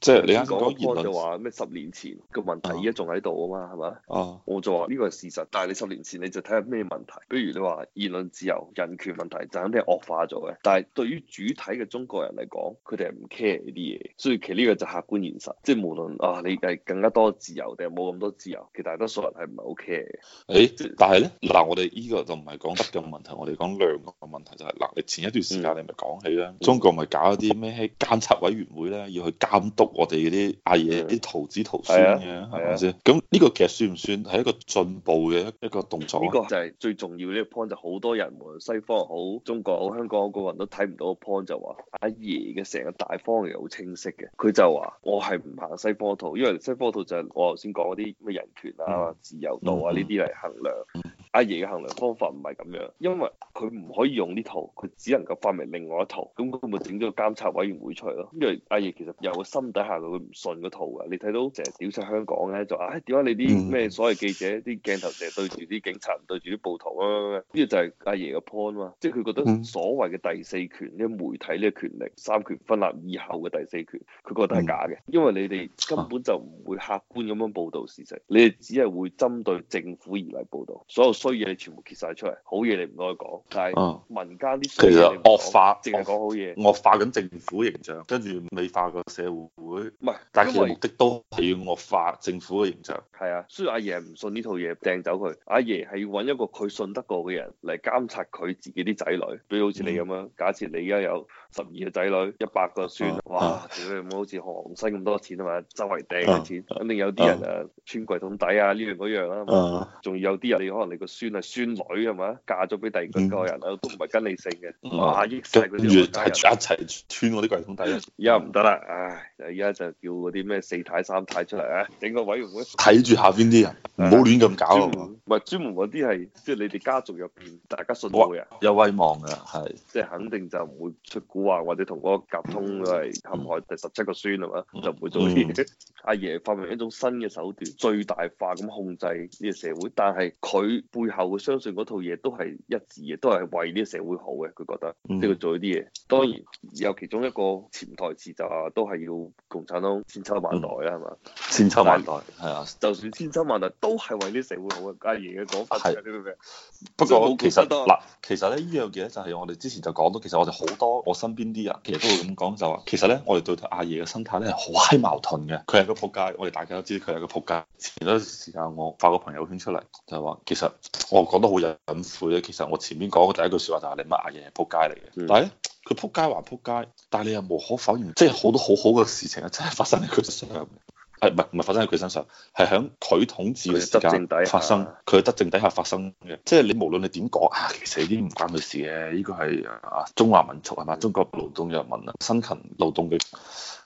即係你啱講，就話咩十年前個問題依家仲喺度啊嘛，係咪吧？啊、我就話呢個係事實，但係你十年前你就睇下咩問題，比如你話言論自由、人權問題，就肯定係惡化咗嘅。但係對於主體嘅中國人嚟講，佢哋係唔 care 呢啲嘢，所以其實呢個就客觀現實。即、就、係、是、無論啊，你係更加多自由定係冇咁多自由，其實大多數人係唔係 ok 嘅。誒、欸，就是、但係咧，嗱，我哋呢個就唔係講質嘅問題， 我哋講量嘅問題就係、是、嗱，你前一段時間你咪講起啦，嗯嗯、中國咪搞一啲咩監察委員會咧，要去監督。我哋嗰啲阿爺啲徒的子徒孫嘅係先？咁呢的的個其實算唔算係一個進步嘅一個動作？呢個就係最重要呢個 point，就好多人西方好、中國好、香港個個人都睇唔到個 point，就話阿爺嘅成個大方係好清晰嘅。佢就話我係唔行西方圖，因為西方圖就係我頭先講嗰啲咩人權啊、嗯、自由度啊呢啲嚟衡量。嗯嗯、阿爺嘅衡量方法唔係咁樣，因為佢唔可以用呢圖，佢只能夠發明另外一套。咁佢咪整咗個監察委員會出嚟咯？因為阿爺其實有個心底。行到佢唔信嗰套嘅，你睇到成日屌出香港咧，就話唉，點解你啲咩所謂記者啲、嗯、鏡頭成日對住啲警察唔 對住啲暴徒啊？呢個就係、係、阿爺嘅 point 嘛，即係佢覺得所謂嘅第四權，呢、嗯、媒體呢個權力，三權分立以後嘅第四權，佢覺得係假嘅，嗯、因為你哋根本就唔會客觀咁樣報導事實，啊、你哋只係會針對政府而嚟報導，所有衰嘢你全部揭晒出嚟，好嘢你唔多講，但係民間啲衰嘢惡化，淨係講好嘢，惡，惡化緊政府形象，跟住美化個社會。唔係，但係其目的都係要惡化政府嘅形象。係啊，所以阿爺唔信呢套嘢，掟走佢。阿爺係要揾一個佢信得過嘅人嚟監察佢自己啲仔女，比如好似你咁樣。嗯、假設你而家有十二個仔女，一百個孫，啊、哇！你唔、啊、好好似韓星咁多錢啊嘛，周圍掟嘅錢，啊、肯定有啲人啊，啊，穿櫃桶底啊呢樣嗰樣啦、啊。仲、啊、有啲人你可能你個孫啊孫女係嘛，嫁咗俾第二個人啊，都唔係跟你姓嘅。阿益曬帶住一齊穿嗰啲櫃桶底。啊。而家唔得啦，唉。而家就叫嗰啲咩四太三太出嚟，啊，整個委員會睇住下邊啲人，唔好吧亂咁搞啊，唔係專門嗰啲係，即係你哋家族入邊大家信號嘅，有威望嘅，係即係肯定就唔會出古話或者同嗰個夾通都係陷害第十七個孫係嘛、嗯，就唔會做啲嘢、嗯。阿、啊、爺發明一種新嘅手段，最大化咁控制呢個社會，但係佢背後會相信嗰套嘢都係一致嘅，都係為呢個社會好嘅。佢覺得、嗯、即係佢做呢啲嘢，當然有其中一個潛台詞就係都係要。共產黨千秋萬代啦，係嘛、嗯？吧千秋萬代係啊，就算千秋萬代、啊、都係為啲社會好啊！阿爺嘅講法，是不過其實嗱，其實咧呢樣嘢、這個，就係我哋之前就講到，其實我哋好多我身邊啲人其實都會咁講，就話其實咧我哋對阿爺嘅心態咧係好閪矛盾嘅。佢係個仆街，我哋大家都知佢係個仆街。前一段時間我發個朋友圈出嚟就係話，其實我講得好有隱晦咧。其實我前面講嘅第一句說話就係你乜阿爺係仆街嚟嘅，但係是、嗯佢仆街還仆街，但係你又無可否認，即係好多好好嘅事情啊，真係發生喺佢身上，係唔係唔係發生喺佢身上，係響佢統治嘅時間底下發生，佢嘅執政底下發生嘅，即係你無論你點講啊，其實呢啲唔關佢事嘅，啊，呢、這個係啊中華民族係嘛，中國勞動人民啊辛勤勞動嘅。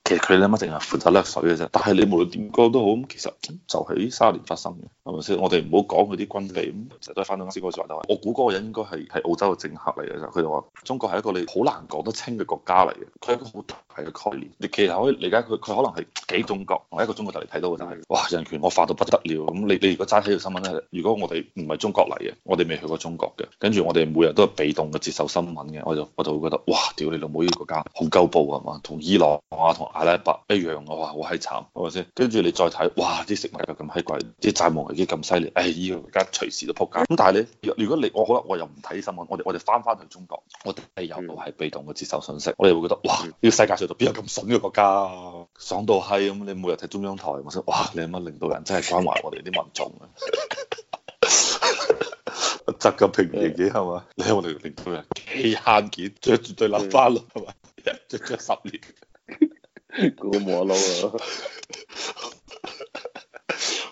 其實佢哋乜淨係負責甩水嘅啫，但係你無論點講都好，咁其實就喺卅年發生嘅，係咪先？我哋唔好講佢啲軍備咁，成日都係翻到啱先嗰個話。我估嗰個人應該係係澳洲嘅政客嚟嘅，佢就話中國係一個你好難講得清嘅國家嚟嘅，佢係一個好大嘅概念。你其實可以理解佢，佢可能係幾中國，我一個中國就嚟睇到嘅就係，哇！人權我發到不得了咁，你哋如果齋睇條新聞咧，如果我哋唔係中國嚟嘅，我哋未去過中國嘅，跟住我哋每日都係被動嘅接受新聞嘅，我就我就會覺得，哇！屌你老母呢個國家好鳩暴啊嘛，同伊朗同、啊。阿拉伯一樣嘅話，好閪慘，係咪先？跟住你再睇，哇！啲食物又咁閪貴，啲債務又幾咁犀利，唉、哎！依個而家隨時都撲街咁。但係你，如果你我覺得我又唔睇新聞，我哋我哋翻翻去中國，我哋有又係被動嘅接受信息，嗯、我哋會覺得哇！呢、呢個世界上邊有咁筍嘅國家，爽到閪咁！你每日睇中央台，我覺得哇！你阿媽領導人真係關懷我哋啲民眾啊！責任 平平嘅係嘛？你喺我哋領導人幾慳件，最絕對留翻係咪？著咗、嗯、十年。 我冇我撈啊！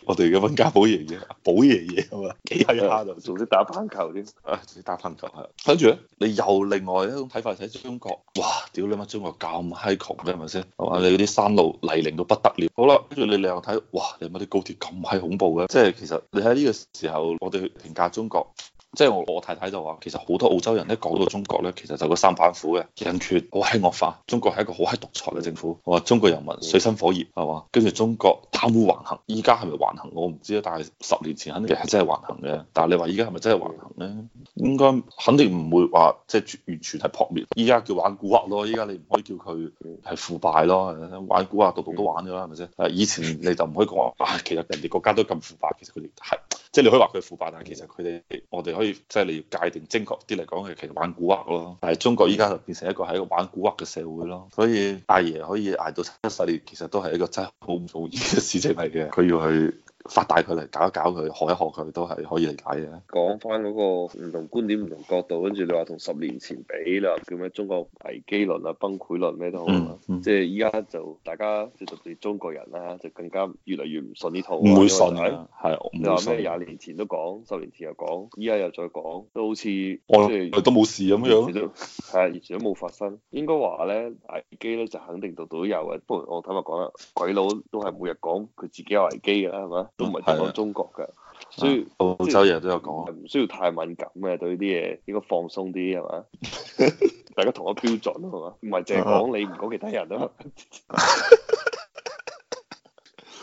我哋而家溫家寶爺爺，寶爺爺係嘛？幾閪下就仲識打棒球先，啊，仲識打棒球係。跟住咧，你又另外一種睇法就喺中國，哇！屌你媽中國咁閪窮嘅，係咪先？哇！你嗰啲山路泥濘到不得了。好啦，跟住你另外睇，哇！你乜啲高鐵咁閪恐怖嘅？即係其實你喺呢個時候，我哋去評價中國。即係我我太太就話，其實好多澳洲人咧講到中國咧，其實就個三板斧嘅，人權好閪惡，惡化，中國係一個好閪獨裁嘅政府。我話中國人民水深火熱係嘛，跟住中國貪污橫行，依家係咪橫行我唔知啊，但係十年前肯定係真係橫行嘅。但係你話依家係咪真係橫行咧？應該肯定唔會話即係完全係撲滅，依家叫玩古惑咯。依家你唔可以叫佢係腐敗咯，玩古惑度度都，都玩咗啦，係咪先？以前你就唔可以講話，啊，其實人哋國家都咁腐敗，其實佢哋係。即係你可以話佢腐敗，但係其實佢哋我哋可以即係你要界定精確啲嚟講，佢其實玩古惑咯。但係中國依家就變成一個喺一個玩古惑嘅社會咯。所以大爺可以捱到七十年，其實都係一個真係好唔容易嘅事情嚟嘅。佢要去。放大佢嚟搞一搞佢，學一學佢都係可以理解嘅。講翻嗰個唔同觀點、唔同角度，跟住你話同十年前比，你叫咩？中國危機論啊、崩潰論咩都好、嗯嗯、即係依家就大家即係特別中國人啦，就更加越嚟越唔信呢套。唔會信啊，係你話咩？廿年前都講，十年前又講，依家又再講，都好似哇是都冇事咁樣。係啊，完全都冇發生。 應該話咧，危機咧就肯定度度都有啊。不過我坦白講啦，鬼佬都係每日講佢自己有危機噶啦，係嘛？都唔係只講中國嘅，所以澳洲人都有講，唔需要太敏感嘅對呢啲嘢，應該放鬆啲係嘛？ 大家同一標準咯係嘛？唔係淨係講你唔講其他人啊。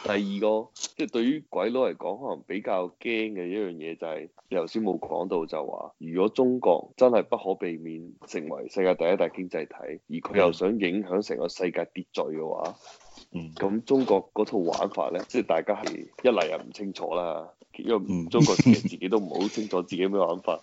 第二個即係、就是、對於鬼佬嚟講，可能比較驚嘅一樣嘢就係、是，你頭先冇講到就話，如果中國真係不可避免成為世界第一大經濟體，而佢又想影響成個世界秩序嘅話。嗯咁、嗯、中國嗰套玩法咧，即係大家係一嚟又唔清楚啦，因為中國自己都唔係好清楚自己咩玩法，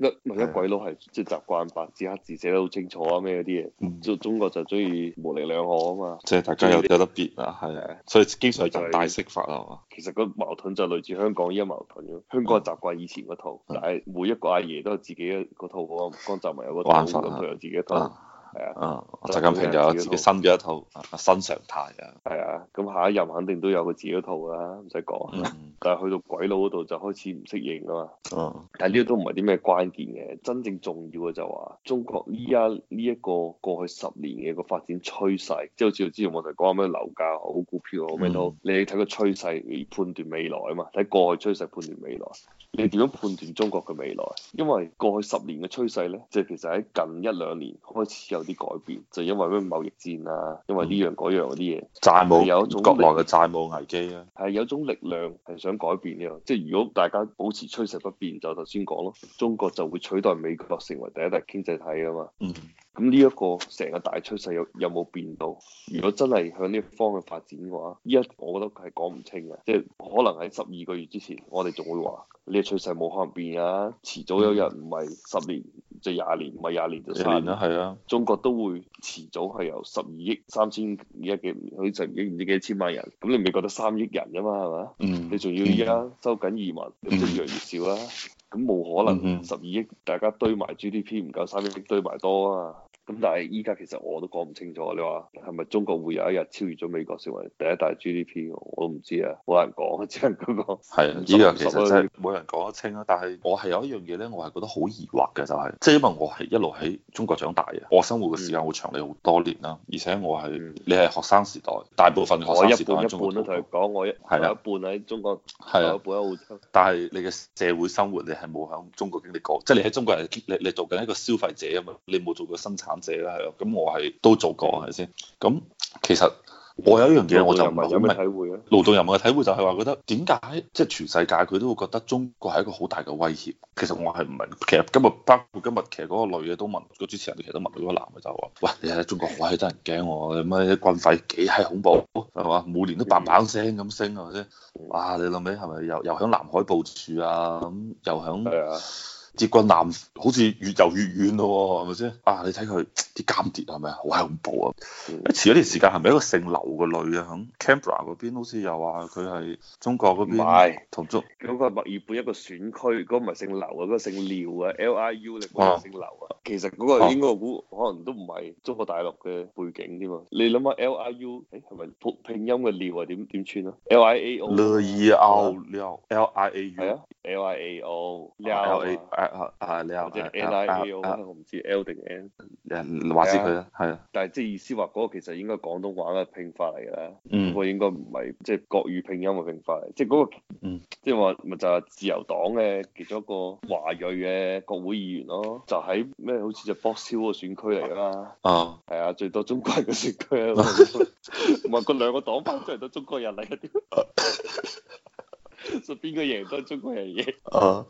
一一、嗯、 鬼佬係的即係習慣白紙黑字寫得好清楚啊咩嗰啲嘢，中、嗯、中國就中意模棱兩可啊嘛，即係大家有有得別啊，係啊，所以經常就，是，就大釋法啊嘛。其實個矛盾就類似香港依家矛盾咯，香港習慣以前嗰套，嗯、但係每一個阿爺都有自己嘅套好，光光集埋有嗰套，咁有法自己一套。啊係啊，嗯、啊，習近平就自己新咗一套新常態啊。係啊，咁下一任肯定都有佢自己一套啦，唔使講。嗯、但係去到鬼佬嗰度就開始唔適應啊嘛。哦、嗯。但係呢個都唔係啲咩關鍵嘅，真正重要嘅就話中國依家呢一個過去十年嘅個發展趨勢，即係好似之前我哋講咩樓價好股票啊咩都，你睇、嗯、個趨勢嚟判斷未來啊嘛，睇過去趨勢判斷未來。你點樣判斷中國嘅未來？因為過去十年嘅趨勢咧，就其實喺近一兩年開始有。啲改變就因為咩貿易戰啊，因為呢樣嗰、嗯、樣嗰啲嘢，債務有一種國內嘅債務危機啊，係有種力量係想改變呢個，即係如果大家保持趨勢不變，就頭先講咯，中國就會取代美國成為第一大經濟體啊嘛。嗯，咁呢一個成個大趨勢有有冇變到？如果真係向呢一方嘅發展嘅話，依家我覺得係講唔清嘅，即係可能喺十二個月之前，我哋仲會話呢個趨勢冇可能變啊，遲早有人唔係十年。嗯即係廿年唔係廿年就三啦，係啊！中國都會遲早係由十二億三千幾嘅嗰啲剩唔知幾千萬人，咁你咪覺得三億人啫嘛，係嘛？嗯，你仲要依家收緊移民，咁即係越嚟越少啦。咁冇可能十二億大家堆埋 GDP 唔夠三億堆埋多啊！咁但係依家其實我都講唔清楚，你話係咪中國會有一日超越咗美國成為第一大 GDP，我都唔知啊，冇人講，只能嗰個啊，呢樣其實真係冇人講得清啊。但係我係有一樣嘢咧，我係覺得好疑惑嘅就係，即係因為我係一路喺中國長大嘅，我生活嘅時間好長，你好多年啦。而且我係你係學生時代，大部分學生時代我一半都同啦，佢講我一係一半喺中國，係一半喺澳洲。但係你嘅社會生活你係冇喺中國經歷過，即係你喺中國人，你你做緊一個消費者啊嘛，你冇做過生產。啦，係咯，咁我係都做過，係咪先？咁其實我有一樣嘢，我就唔係有咩體會咧。勞動人民嘅體會就係話覺得點解即係全世界佢都會覺得中國係一個好大嘅威脅。其實我係唔明。其實今日包括今日，其實嗰個女嘅都問個主持人，其實都問到嗰個男嘅就話，喂，你喺中國好閪得人驚喎，乜啲軍費幾閪恐怖係嘛？每年都棒棒聲咁升係咪先？哇！你諗起係咪又又喺南海部署啊？咁又喺。接運南好似越游越遠咯，係咪先？啊，你睇佢啲間諜係咪好恐怖啊！一前嗰段時間係咪一個姓劉嘅女啊？喺 Canberra 嗰邊好似又話佢係中國嗰邊同中嗰個墨爾本一個選區，嗰個唔係姓劉啊，嗰個姓廖啊，L I U，你會唔會姓劉啊？其實嗰個應該估可能都唔係中國大陸嘅背景添嘛。你諗下，L I U，誒係咪拼音嘅廖啊，點點串啊？L I A O，廖，L I A U，係啊。L I A O 你 I，啊啊，你啊、mm.，即係 L I A O 啦，我唔知 L 定 N，人話事佢啦，係啊。但係即係意思話，個其實應該廣東話嘅拼法嚟噶，嗯，個應該唔係即係國語拼音嘅拼法嚟，即係個，嗯，即係話咪就係自由黨嘅其中一個華裔嘅國會議員咯，就喺咩好似就 Box Hill 個選區嚟噶啦，啊，係啊，最多中國人嘅選區，唔係嗰兩個黨派出嚟都中國人嚟啊屌！是邊個贏都中國人贏。